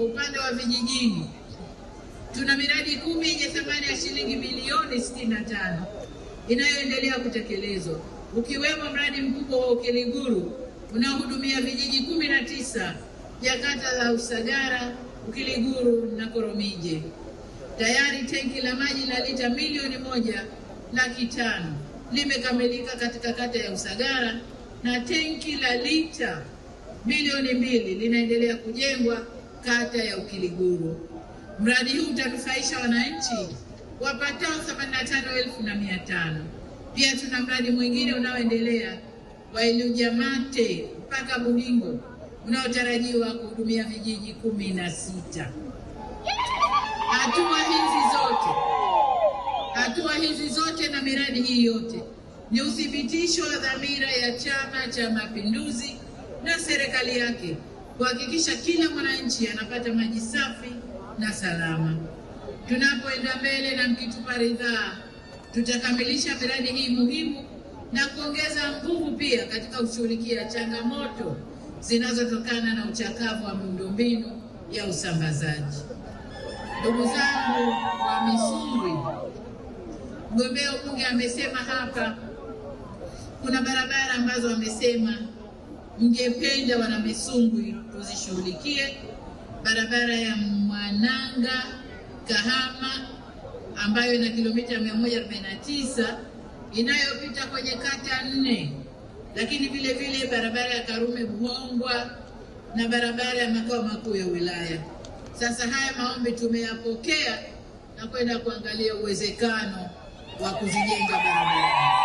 Kwa upande wa vijijini tuna miradi kumi yenye thamani ya shilingi bilioni 65 inayoendelea kutekelezwa ukiwemo mradi mkubwa wa Ukiliguru unaohudumia vijiji kumi na tisa vya kata za Usagara, Ukiliguru na Koromije. Tayari tenki la maji la lita milioni moja laki tano limekamilika katika kata ya Usagara na tenki la lita milioni mbili linaendelea kujengwa kata ya Ukiliguru. Mradi huu utanufaisha wananchi wapatao 85,500. Pia tuna mradi mwingine unaoendelea wa Ilujamate mpaka Buningo unaotarajiwa kuhudumia vijiji kumi na sita. Hatua hizi zote, hatua hizi zote na miradi hii yote ni uthibitisho wa dhamira ya Chama cha Mapinduzi na serikali yake kuhakikisha kila mwananchi anapata maji safi na salama. Tunapoenda mbele na mkitupa ridhaa, tutakamilisha miradi hii muhimu na kuongeza nguvu pia katika kushughulikia changamoto zinazotokana na uchakavu wa miundombinu ya usambazaji. Ndugu zangu wa Misungwi, mgombea ubunge amesema hapa kuna barabara ambazo amesema ningependa wana Misungwi tuzishughulikie barabara ya Mwananga Kahama ambayo ina kilomita 149 inayopita kwenye kata nne, lakini vile vile barabara ya Karume Buhongwa na barabara ya makao makuu ya wilaya. Sasa haya maombi tumeyapokea na kwenda kuangalia uwezekano wa kuzijenga barabara.